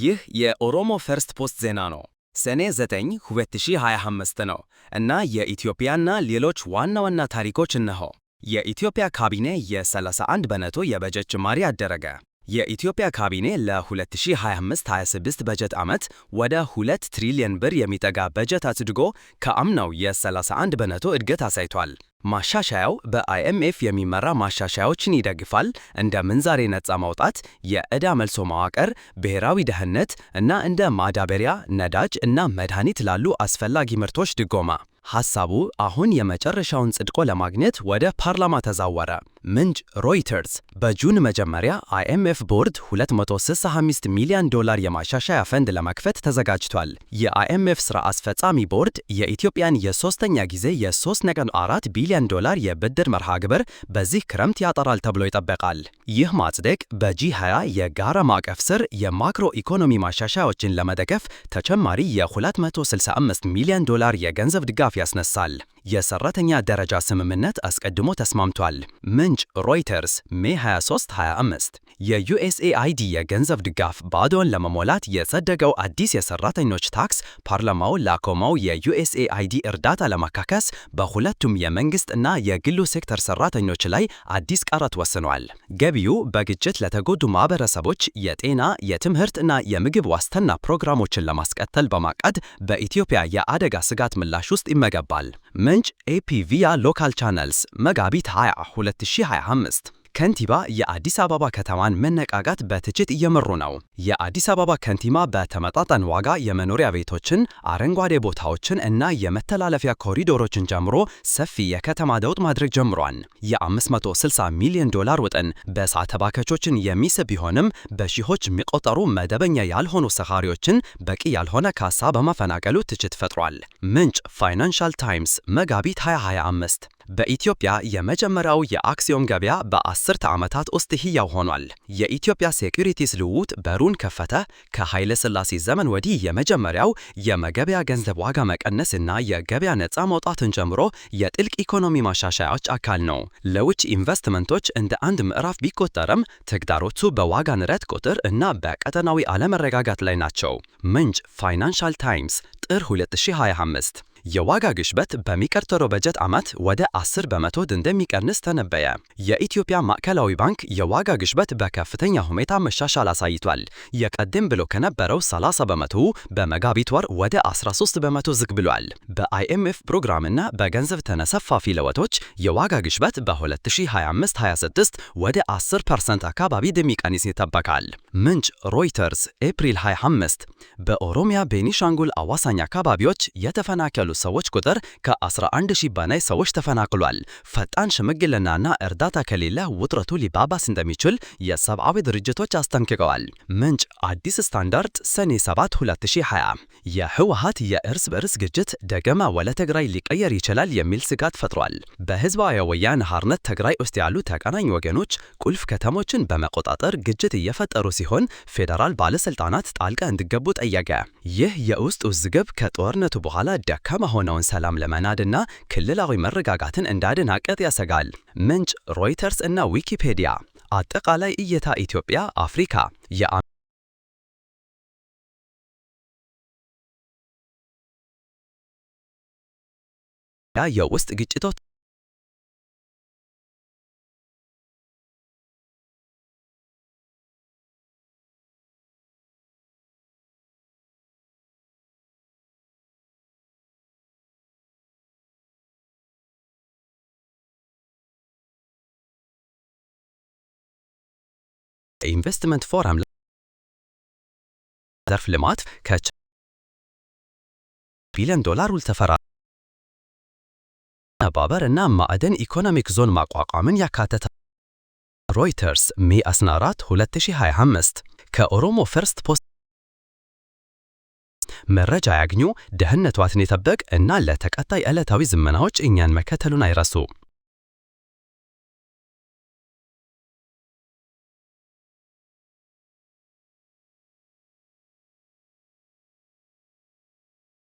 ይህ የኦሮሞ ፈርስት ፖስት ዜና ነው። ሰኔ 9 2025 ነው እና የኢትዮጵያና ሌሎች ዋና ዋና ታሪኮች እነሆ። የኢትዮጵያ ካቢኔ የ31 በመቶ የበጀት ጭማሪ አደረገ። የኢትዮጵያ ካቢኔ ለ2025-26 በጀት ዓመት ወደ 2 ትሪሊዮን ብር የሚጠጋ በጀት አጽድጎ ከአምናው የ31 በመቶ እድገት አሳይቷል። ማሻሻያው በአይኤምኤፍ የሚመራ ማሻሻያዎችን ይደግፋል፣ እንደ ምንዛሬ ነፃ ማውጣት፣ የዕዳ መልሶ መዋቅር፣ ብሔራዊ ደህንነት እና እንደ ማዳበሪያ፣ ነዳጅ እና መድኃኒት ላሉ አስፈላጊ ምርቶች ድጎማ። ሐሳቡ አሁን የመጨረሻውን ጽድቆ ለማግኘት ወደ ፓርላማ ተዛወረ። ምንጭ ሮይተርስ በጁን መጀመሪያ አይኤምኤፍ ቦርድ 265 ሚሊዮን ዶላር የማሻሻያ ፈንድ ለመክፈት ተዘጋጅቷል። የአይኤምኤፍ ሥራ አስፈጻሚ ቦርድ የኢትዮጵያን የሶስተኛ ጊዜ የ3.4 ቢሊዮን ዶላር የብድር መርሃ ግብር በዚህ ክረምት ያጠራል ተብሎ ይጠበቃል። ይህ ማጽደቅ በጂ20 የጋራ ማዕቀፍ ስር የማክሮ ኢኮኖሚ ማሻሻያዎችን ለመደገፍ ተጨማሪ የ265 ሚሊዮን ዶላር የገንዘብ ድጋፍ ያስነሳል። የሰራተኛ ደረጃ ስምምነት አስቀድሞ ተስማምቷል። ምንጭ ሮይተርስ ሜ 23 25 የዩኤስኤአይዲ የገንዘብ ድጋፍ ባዶን ለመሞላት የጸደቀው አዲስ የሰራተኞች ታክስ ፓርላማው ላኮማው የዩኤስኤአይዲ እርዳታ ለማካከስ በሁለቱም የመንግስት እና የግሉ ሴክተር ሰራተኞች ላይ አዲስ ቀረጥ ወስኗል። ገቢው በግጭት ለተጎዱ ማህበረሰቦች የጤና፣ የትምህርት እና የምግብ ዋስትና ፕሮግራሞችን ለማስቀጠል በማቀድ በኢትዮጵያ የአደጋ ስጋት ምላሽ ውስጥ ይመገባል። ምንጭ ኤፒቪያ ሎካል ቻነልስ መጋቢት 22 2025 ከንቲባ የአዲስ አበባ ከተማን መነቃቃት በትችት እየመሩ ነው። የአዲስ አበባ ከንቲባ በተመጣጠን ዋጋ የመኖሪያ ቤቶችን፣ አረንጓዴ ቦታዎችን እና የመተላለፊያ ኮሪዶሮችን ጀምሮ ሰፊ የከተማ ለውጥ ማድረግ ጀምሯል። የ560 ሚሊዮን ዶላር ወጥን በእሳተ ባከቾችን የሚስብ ቢሆንም በሺዎች የሚቆጠሩ መደበኛ ያልሆኑ ሰፋሪዎችን በቂ ያልሆነ ካሳ በማፈናቀሉ ትችት ፈጥሯል። ምንጭ ፋይናንሻል ታይምስ መጋቢት 2025 በኢትዮጵያ የመጀመሪያው የአክሲዮን ገበያ በአስርተ ዓመታት ውስጥ ሕያው ሆኗል። የኢትዮጵያ ሴኩሪቲስ ልውውጥ በሩን ከፈተ። ከኃይለ ሥላሴ ዘመን ወዲህ የመጀመሪያው የመገበያ ገንዘብ ዋጋ መቀነስ እና የገበያ ነፃ መውጣትን ጀምሮ የጥልቅ ኢኮኖሚ ማሻሻያዎች አካል ነው። ለውጭ ኢንቨስትመንቶች እንደ አንድ ምዕራፍ ቢቆጠርም ተግዳሮቱ በዋጋ ንረት ቁጥር እና በቀጠናዊ አለመረጋጋት ላይ ናቸው። ምንጭ ፋይናንሻል ታይምስ ጥር 2025 የዋጋ ግሽበት በሚቀጥለው በጀት ዓመት ወደ 10 በመቶ እንደሚቀንስ ተነበየ። የኢትዮጵያ ማዕከላዊ ባንክ የዋጋ ግሽበት በከፍተኛ ሁኔታ መሻሻል አሳይቷል። የቀደም ብሎ ከነበረው 30 በመቶ በመጋቢት ወር ወደ 13 በመቶ ዝግ ብሏል። በአይኤምኤፍ ፕሮግራምና በገንዘብ ተነሰፋፊ ለውጦች የዋጋ ግሽበት በ2025/26 ወደ 10% አካባቢ እንደሚቀንስ ይጠበቃል። ምንጭ ሮይተርስ ኤፕሪል 25 በኦሮሚያ ቤኒሻንጉል አዋሳኝ አካባቢዎች የተፈናቀሉ ሰዎች ቁጥር ከ11 ሺህ በላይ ሰዎች ተፈናቅሏል። ፈጣን ሽምግልናና እርዳታ ከሌለ ውጥረቱ ሊባባስ እንደሚችል የሰብአዊ ድርጅቶች አስጠንቅቀዋል። ምንጭ አዲስ ስታንዳርድ ሰኔ 7 2020 የህወሀት የእርስ በእርስ ግጭት ደገማ ወለ ትግራይ ሊቀየር ይችላል የሚል ስጋት ፈጥሯል። በህዝባዊ ወያነ ሓርነት ትግራይ ውስጥ ያሉ ተቀናኝ ወገኖች ቁልፍ ከተሞችን በመቆጣጠር ግጭት እየፈጠሩ ሲሆን ፌዴራል ባለስልጣናት ጣልቃ እንዲገቡ ጠየቀ። ይህ የውስጥ ውዝግብ ከጦርነቱ በኋላ ደካማ ሆነውን ሰላም ለመናድና ክልላዊ መረጋጋትን እንዳደናቀጥ ያሰጋል። ምንጭ ሮይተርስ እና ዊኪፔዲያ። አጠቃላይ እይታ ኢትዮጵያ አፍሪካ የ የውስጥ ግጭቶች ኢንቨስትመንት ፎረም ዘርፍ ልማት ከቻ ቢሊዮን ዶላር ውል ተፈራ መባበር እና ማዕድን ኢኮኖሚክ ዞን ማቋቋምን ያካተታል። ሮይተርስ ሜ 14 2025 ከኦሮሞ ፈርስት ፖስት መረጃ ያግኙ። ደህንነቷን የጠበቅ እና ለተቀጣይ ዕለታዊ ዝመናዎች እኛን መከተሉን አይረሱ።